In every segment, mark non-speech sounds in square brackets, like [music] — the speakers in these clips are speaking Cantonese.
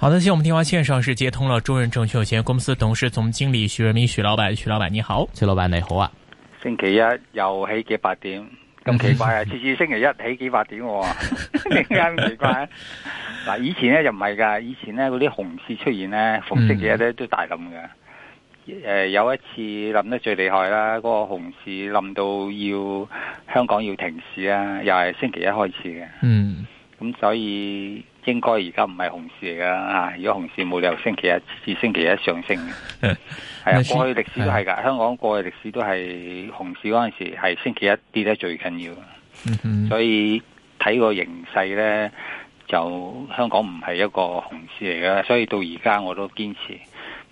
好的，先我們電話線上是接通了中潤證券有限公司董事總經理徐潤民，徐老闆，徐老闆你好，徐老闆你好啊。星期一又起幾百點，咁奇怪啊！次、嗯、次星期一起幾百點，哦，點解咁奇怪？以前呢就唔係噶，以前呢嗰啲熊市出現咧，逢星期一咧都大冧嘅。誒、嗯呃，有一次冧得最厲害啦，嗰、那個熊市冧到要香港要停市啊，又係星期一開始嘅。嗯，咁所以。應該而家唔係熊市嚟噶，啊，如果熊市冇理由星期一至星期一上升嘅。係 [laughs] 啊，是過去歷史都係噶， [laughs] 香港過去歷史都係熊市嗰陣時係星期一跌得最緊要。嗯、哼所以睇個形勢咧，就香港唔係一個熊市嚟噶，所以到而家我都堅持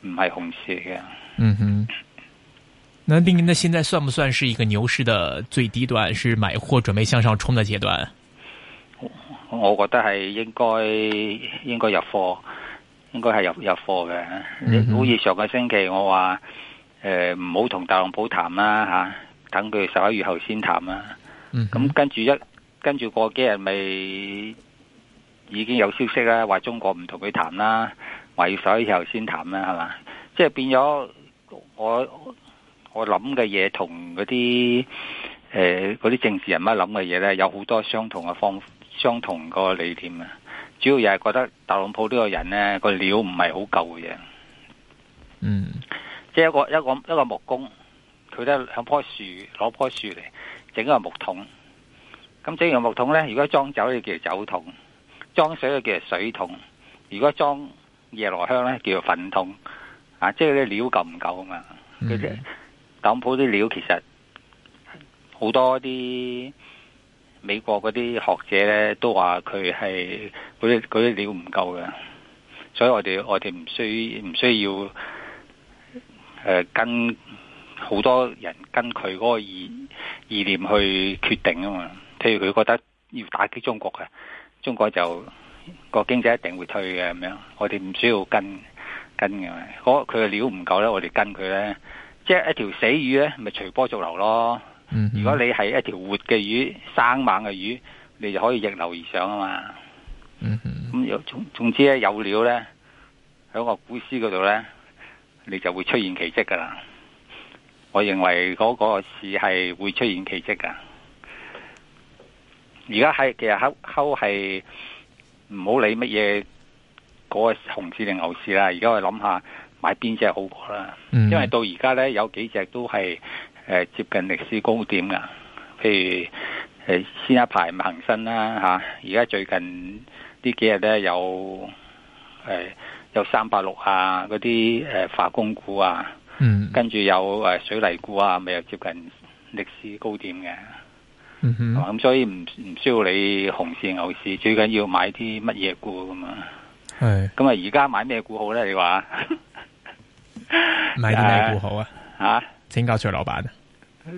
唔係熊市嚟嘅。嗯哼，那丁寧，那現在算唔算是一個牛市嘅最低段，是買貨準備向上衝嘅階段？我覺得係應該應該入貨，應該係入入貨嘅。好似、嗯、哼上個星期我話，誒唔好同特朗普談啦吓，等佢十一月後先談啦。咁、嗯、哼跟住一跟住過幾日，咪已經有消息啦，話中國唔同佢談啦，話要十一月後先談啦，係嘛？即係變咗我我諗嘅嘢，同嗰啲誒嗰啲政治人物諗嘅嘢咧，有好多相同嘅方法。相同個理念啊，主要又係覺得特朗普呢個人咧，個料唔係好夠嘅嘢。嗯，即係一個一個一個木工，佢都響樖樹攞樖樹嚟整個木桶。咁整完木桶咧，如果裝酒就叫做酒桶，裝水就叫做水桶。如果裝夜來香咧，叫做糞桶。啊，即係啲料夠唔夠啊嘛？嗯、特朗普啲料其實好多啲。美國嗰啲學者咧都話佢係嗰啲啲料唔夠嘅，所以我哋我哋唔需唔需要，需要、呃、跟好多人跟佢嗰個意意念去決定啊嘛。譬如佢覺得要打擊中國嘅，中國就、個經濟一定會退嘅咁樣。我哋唔需要跟跟嘅，嗰佢嘅料唔夠咧，我哋跟佢咧，即係一條死魚咧，咪隨波逐流咯。如果你係一條活嘅魚、生猛嘅魚，你就可以逆流而上啊嘛。咁總、嗯、哼總之咧，有料咧，喺個股市嗰度咧，你就會出現奇蹟噶啦。我認為嗰個市係會出現奇蹟噶。而家係其實係，係唔好理乜嘢嗰個熊市定牛市啦。而家我諗下買邊隻好過啦，嗯、哼因為到而家咧，有幾隻都係。誒，接近歷史高點噶，譬如誒先一排咪恒生啦吓，而家最近呢幾日咧有誒、哎、有三百六啊嗰啲誒化工股啊，嗯、跟住有誒水泥股啊，咪又接近歷史高點嘅。咁、嗯哼啊、所以唔唔需要你熊市牛市，最緊要買啲乜嘢股咁是 [laughs] 啊。係，咁啊而家買咩股好咧？你話買啲咩股好啊？嚇？請教徐老闆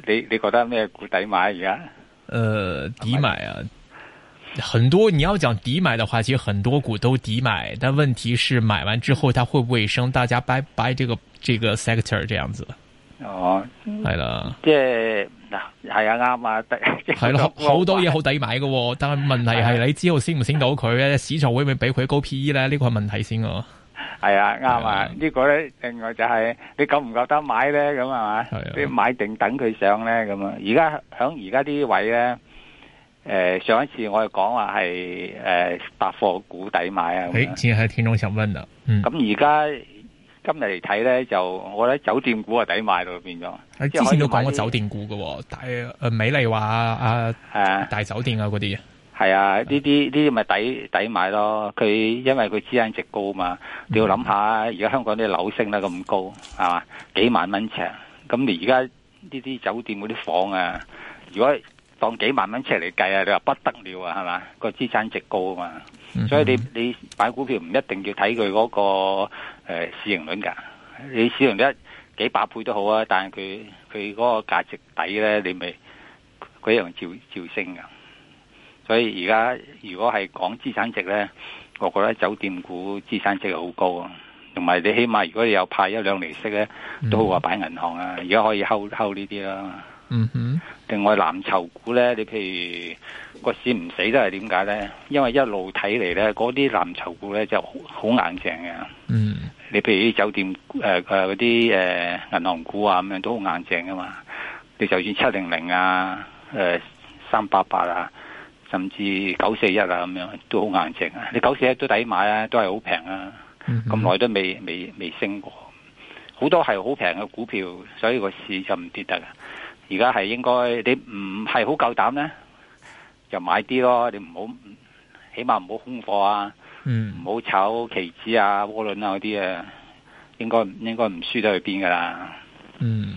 你你覺得咩股抵買而、啊、家？誒、呃，抵買啊！很多你要講抵買嘅話，其實很多股都抵買，但問題是買完之後，它會唔會升？大家 bye bye 這個這個 sector 這樣子。哦，係啦的，即嗱係啊啱啊，係咯的、嗯，好多嘢好抵買嘅、哦， [laughs] 但係問題係你之後升唔升到佢咧？市場 [laughs] 會唔會俾佢高 P E 咧？呢個係問題先、啊。係啊，啱啊！呢個咧，另外就係你夠唔夠得買咧，咁係嘛？你買定等佢上咧咁啊！而家響而家啲位咧，誒，上一次我哋講話係誒百貨股抵買啊！誒，之前還有聽眾想問啊，咁而家今日嚟睇咧，就我覺得酒店股啊抵買咯，變咗。你之前都講過酒店股噶，大誒美麗華啊誒大酒店啊嗰啲。係啊，呢啲呢啲咪抵抵買咯。佢因為佢資產值高嘛，你要諗下，而家香港啲樓升得咁高，係嘛？幾萬蚊尺，咁你而家呢啲酒店嗰啲房啊，如果當幾萬蚊尺嚟計啊，你話不得了啊，係嘛？個資產值高啊嘛，所以你你買股票唔一定要睇佢嗰個、呃、市盈率噶，你市盈率幾百倍都好啊，但係佢佢嗰個價值底咧，你咪佢樣照照升噶。所以而家如果係講資產值咧，我覺得酒店股資產值好高啊，同埋你起碼如果你有派一兩釐息咧，嗯、哼都好話擺銀行啊，而家可以收收呢啲啦。嗯嗯哼，另外藍籌股咧，你譬如個市唔死都係點解咧？因為一路睇嚟咧，嗰啲藍籌股咧就好硬淨嘅。嗯哼，你譬如啲酒店誒誒嗰啲誒銀行股啊咁樣都好硬淨噶嘛，你就算七零零啊誒三八八啊。呃甚至九四一啊，咁樣都好硬淨啊！你九四一都抵買啊，都係好平啊！咁耐、嗯、哼都未未未升過，好多係好平嘅股票，所以個市就唔跌得啊！而家係應該你唔係好夠膽咧，就買啲咯。你唔好，起碼唔好空貨啊，唔好、嗯、炒期指啊、窩輪啊嗰啲啊，應該應該唔輸得去邊㗎喇。嗯。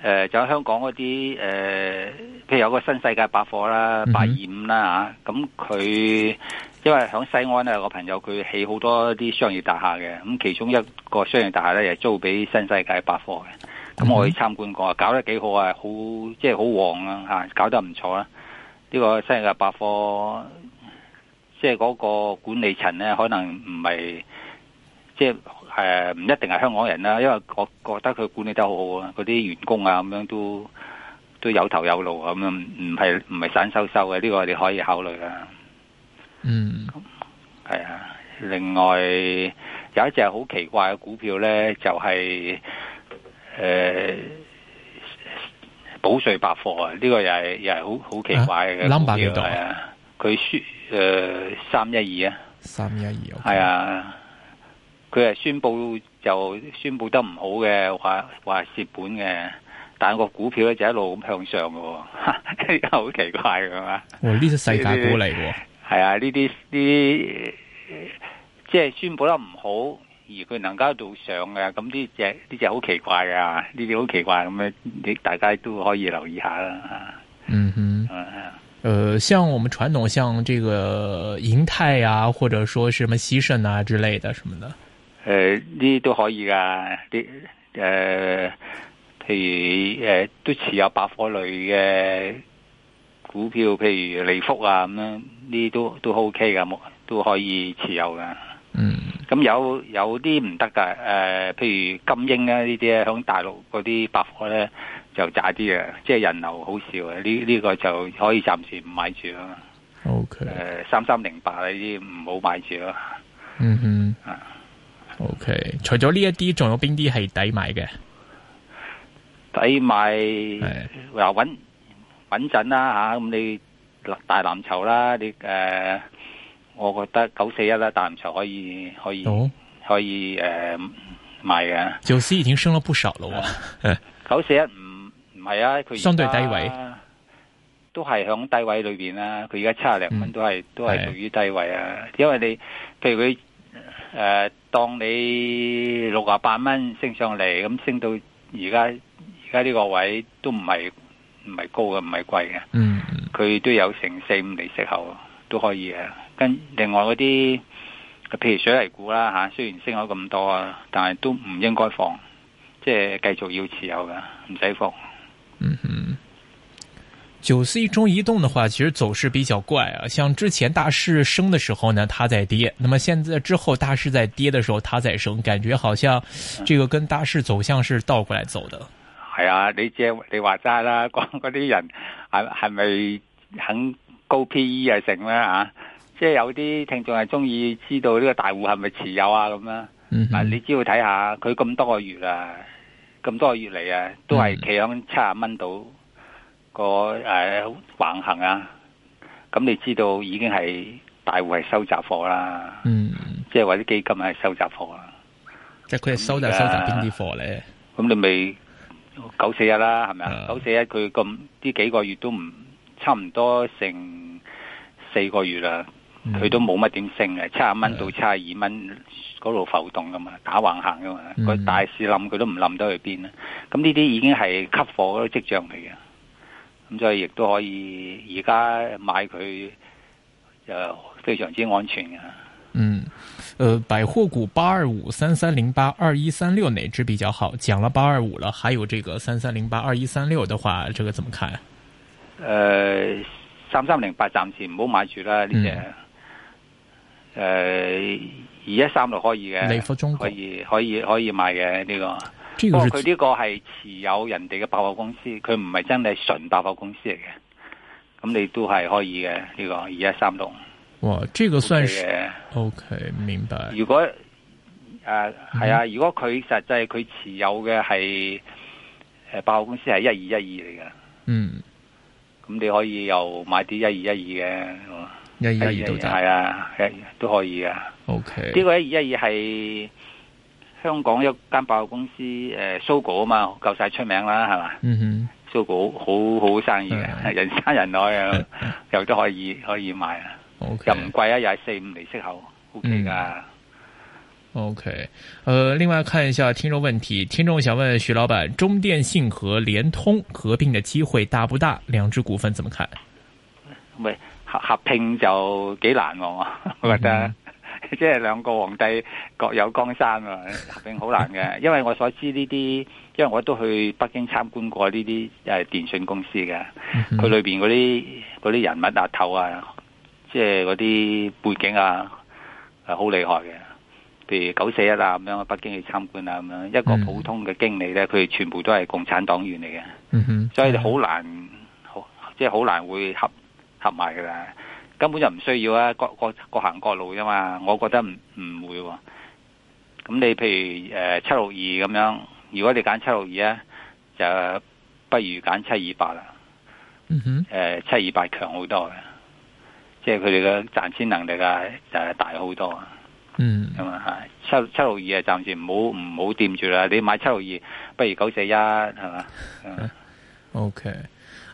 誒、呃、就喺香港嗰啲誒，譬如有個新世界百貨啦、百二五啦嚇，咁佢因為喺西安咧，我朋友佢起好多啲商業大廈嘅，咁其中一個商業大廈咧又租俾新世界百貨嘅，咁我去參觀過，搞得幾好啊，好、即係、好啊，好即係好旺啊嚇，搞得唔錯啦。呢、呢個新世界百貨即係嗰個管理層咧，可能唔係即係。即係誒唔、呃、一定係香港人啦，因為我覺得佢管理得很好好啊，嗰啲員工啊咁樣都都有頭有路咁樣不是，唔係唔係散收收嘅。呢個，我哋可以考慮啦。嗯，嗯，係啊。另外有一隻好奇怪嘅股票咧，就係、是、誒、呃、保稅百貨、這個、啊，呢個又係又係好好奇怪嘅股票。係 L umber 啊，佢輸誒三一二啊，三一二，係啊。佢係宣布就宣布得唔好嘅，話話蝕本嘅，但個股票咧就一路咁向上嘅，跟住好奇怪嘅係嘛？哇！呢啲世界股嚟嘅，係啊，呢啲呢，些即係宣布得唔好，而佢能夠喺度上嘅，咁呢隻呢隻好奇怪噶，呢啲好奇怪咁樣，你大家都可以留意一下啦。嗯哼，誒、 [laughs] 呃，像我們傳統，像這個銀泰啊，或者說什麼西盛啊之類的什麼的。誒，呢、呃、都可以噶，啲誒，譬、呃、如誒、呃，都持有百貨類嘅股票，譬如利福啊咁樣，呢啲都都 OK 噶，都可以持有噶。嗯，咁、嗯、有有啲唔得噶，誒、呃，譬如金鷹咧呢啲咧，響大陸嗰啲百貨咧就渣啲嘅，即係人流好少啊，呢呢、呢個就可以暫時唔買住咯。O K，誒，三三零八呢啲唔好買住咯。嗯哼，啊、呃。O、okay, K，除咗呢一啲，仲有邊啲係抵買嘅？抵買賣，嗱穩穩陣啦吓，咁你大藍籌啦，你誒、呃，我覺得九四一啦，大藍籌可以可以、哦、可以誒、呃、買嘅。九四已經升咗不少咯喎，九四一唔唔係啊，佢相對低位，都係響低位裏邊啦。佢而家七十零蚊都係、嗯、都係屬於低位啊。的因為你譬如佢。誒，uh, 當你六啊八蚊升上嚟，咁升到而家而家呢個位都唔係唔係高嘅，唔係貴嘅，嗯、mm，佢、hmm. 都有成四五厘息口，都可以嘅。跟另外嗰啲，譬如水泥股啦吓、啊，雖然升咗咁多啊，但係都唔應該放，即係繼續要持有噶，唔使放。嗯嗯、mm。Hmm. 九 C 中移動的話，其實走勢比較怪啊，像之前大市升的時候呢，它在跌，那麼現在之後大市在跌的時候，它在升，感覺好像這個跟大市走向是倒過來走的。係啊，你即係你話齋啦，講嗰啲人係係咪很高 PE 啊成咧吓？即、啊、係、就是、有啲聽眾係中意知道呢個大戶係咪持有啊咁樣，嗱、啊，你只要睇下佢咁多個月啊，咁多個月嚟，啊，都係企響七啊蚊度。嗯個誒、哎、橫行啊，咁你知道已經係大戶係收集貨啦，嗯、即係或者基金係收集貨啦。即係佢係收收集邊啲貨咧？咁你咪九四一啦，係咪啊？九四一佢咁呢幾個月都唔差唔多成四個月啦，佢、嗯、都冇乜點升嘅，七啊蚊到七啊二蚊嗰度浮動噶嘛，打橫行噶嘛，佢、嗯、大市冧佢都唔冧到去邊啦。咁呢啲已經係吸貨嗰啲跡象嚟嘅。咁就係亦都可以，而家買佢又非常之安全嘅。嗯，誒、呃，百貨股八二五三三零八二一三六，哪支比較好？講咗八二五了，還有這個三三零八二一三六的話，這個怎麼看啊？誒、呃，三三零八暫時唔好買住啦，呢隻。誒、嗯，二一三六可以嘅，利福中國可以可以可以買嘅呢、這個。這不過佢呢個係持有人哋嘅百貨公司，佢唔係真係純百貨公司嚟嘅，咁、嗯、你都係可以嘅呢、這個二一三六哇，這個算是 okay, 的 OK，明白。如果誒係啊，呃嗯、哼如果佢實際佢持有嘅係誒百貨公司係一二一二嚟嘅，嗯，咁、嗯、你可以又買啲一二一二嘅，一二一二就係啊，一二都可以嘅。OK，呢個一二一二係。香港一間百貨公司誒，蘇果、呃、啊嘛，夠晒出名啦，係嘛？蘇、嗯、哼果好好生意嘅，嗯、哼人山人海啊，又 [laughs] 都可以可以賣啊 Okay.，又唔貴啊，又係四五厘息口，OK 噶。OK，誒、嗯 okay. 呃，另外看一下聽眾問題，聽眾想問徐老闆，中電信和聯通合併的機會大不大？兩隻股份怎麼看？喂合合併就幾難喎、啊。我覺得、嗯。即係 [laughs] 兩個皇帝各有江山啊，併好難嘅。因為我所知呢啲，因為我都去北京參觀過呢啲誒電訊公司嘅，佢、mm hmm. 裏邊嗰啲啲人物阿頭啊，即係嗰啲背景啊，係、啊、好厲害嘅。譬如九四一啊咁樣去北京去參觀啊咁樣，一個普通嘅經理咧，佢哋、mm hmm. 全部都係共產黨員嚟嘅。Mm hmm. 所以好難，mm hmm. 好即係好難會合合埋噶啦。根本就唔需要啊！各各各行各路啫嘛，我覺得唔唔會喎，啊。咁你譬如誒七六二咁樣，如果你揀七六二啊，就不如揀七二八啦。嗯，哼。誒七二八強好多嘅，即係佢哋嘅賺錢能力啊就係大好多啊。嗯。咁啊嚇，七七六二啊，暫時唔好唔好掂住啦。你買七六二，不如九四一係嘛？O K。係嘛 [laughs] okay.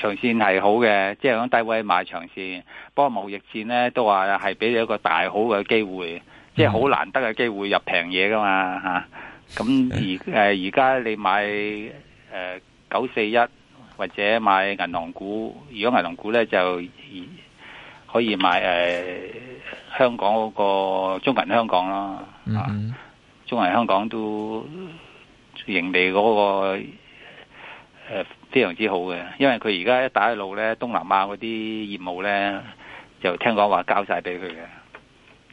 長線係好嘅，即係喺低位買長線。不過貿易戰呢都話係俾你一個大好嘅機會，即係好難得嘅機會入平嘢噶嘛吓。咁而誒而家你買誒九四一或者買銀行股，如果銀行股呢就可以買誒、呃、香港嗰個中銀香港咯。嗯、啊，mm hmm. 中銀香港都盈利嗰、那個誒。呃非常之好嘅，因為佢而家一帶一路咧，東南亞嗰啲業務咧，就聽講話交晒俾佢嘅，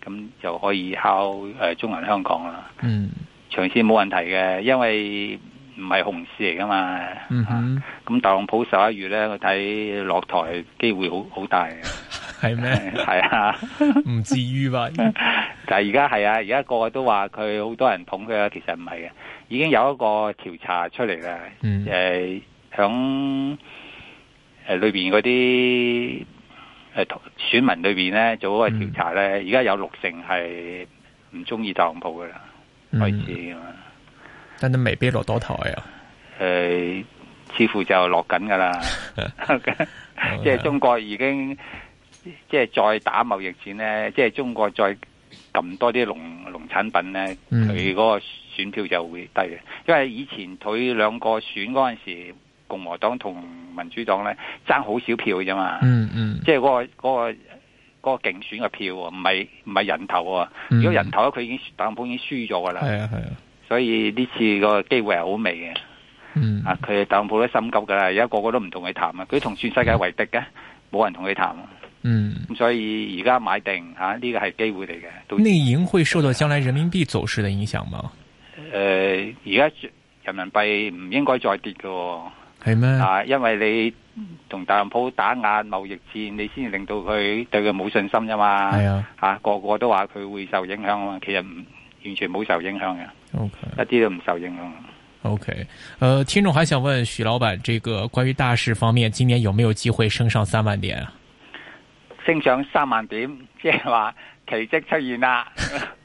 咁就可以靠誒、呃、中銀香港啦。嗯，長線冇問題嘅，因為唔係熊市嚟噶嘛。咁、嗯哼啊、特朗普十一月咧，我睇落台機會好好大。係咩 [laughs] 嗎？係 [laughs] 啊，唔至於吧？ [laughs] 但係而家係啊，而家個個都話佢好多人捧佢啊，其實唔係嘅，已經有一個調查出嚟啦。誒、嗯。就是響誒、呃、裏邊嗰啲誒選民裏邊咧做嗰個調查咧，而家、嗯、有六成係唔中意特朗普噶啦，嗯、開始但都未必落多台啊，誒、呃，似乎就落緊噶啦，即係 [laughs] [laughs] 中國已經 [laughs] 即係再打貿易戰咧，即係中國再撳多啲農農產品咧，佢嗰、嗯、個選票就會低嘅，因為以前佢兩個選嗰陣時候，共和黨同民主黨咧爭好少票嘅啫嘛，嗯嗯，嗯即係嗰、嗰個嗰、嗰個、嗰個競選嘅票啊，唔係唔係人頭啊，嗯、如果人頭咧，佢已經特朗普已經輸咗噶啦，係啊係啊，啊所以呢次個機會係好微嘅，嗯、啊，佢特朗普都心急噶啦，而家個個都唔同佢談啊，佢同全世界為敵嘅，冇、嗯、人同佢談，嗯，所以而家買定吓，呢、啊呢個係機會嚟嘅，都內營會受到將來人民幣走勢嘅影響嘛。誒、呃，而家人民幣唔應該再跌嘅、哦。係咩？啊，因為你同特朗普打硬貿易戰，你先令到佢對佢冇信心啫嘛。係、哎、呀啊，吓個個都話佢會受影響啊嘛。其實唔完全冇受影響嘅。OK，一啲都唔受影響。OK，誒、呃，聽眾還想問徐老闆，這個關於大市方面，今年有沒有機會升上三萬點？升上三萬點，即係話奇蹟出現啦。 [laughs]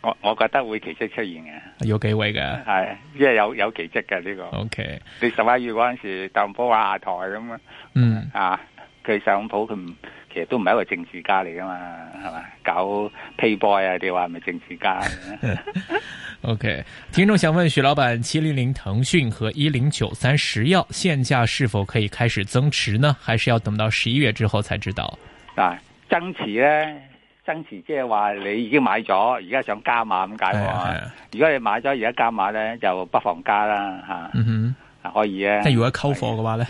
我我覺得會奇蹟出現嘅，有幾位嘅係，因為有有奇蹟嘅呢、這個。O Okay K，你十一月嗰陣時，特朗普下台咁、嗯、啊，嗯啊，佢特朗普佢唔，其實都唔係一個政治家嚟噶嘛，係嘛，搞 Playboy 啊，你話係咪政治家 [laughs] [laughs] ？O、okay、K，聽眾想問徐老闆，七零零騰訊和一零九三石藥現價是否可以開始增持呢？還是要等到十一月之後才知道？嗱、啊，增持咧。增持即係話你已經買咗，而家想加碼咁解喎。哎、呀如果你買咗而家加碼咧，就不妨加啦吓，嗯、哼啊可以啊。但係如果溝貨嘅話咧，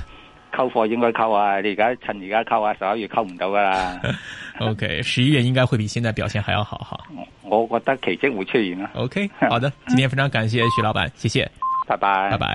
溝貨應該溝啊！你而家趁而家溝啊，十一月溝唔到噶啦。 [laughs] OK，十一月應該會比現在表現還要好好。我，我覺得奇蹟會出現啊。 [laughs] OK，好的，今天非常感謝徐老闆，謝謝，拜拜，拜拜。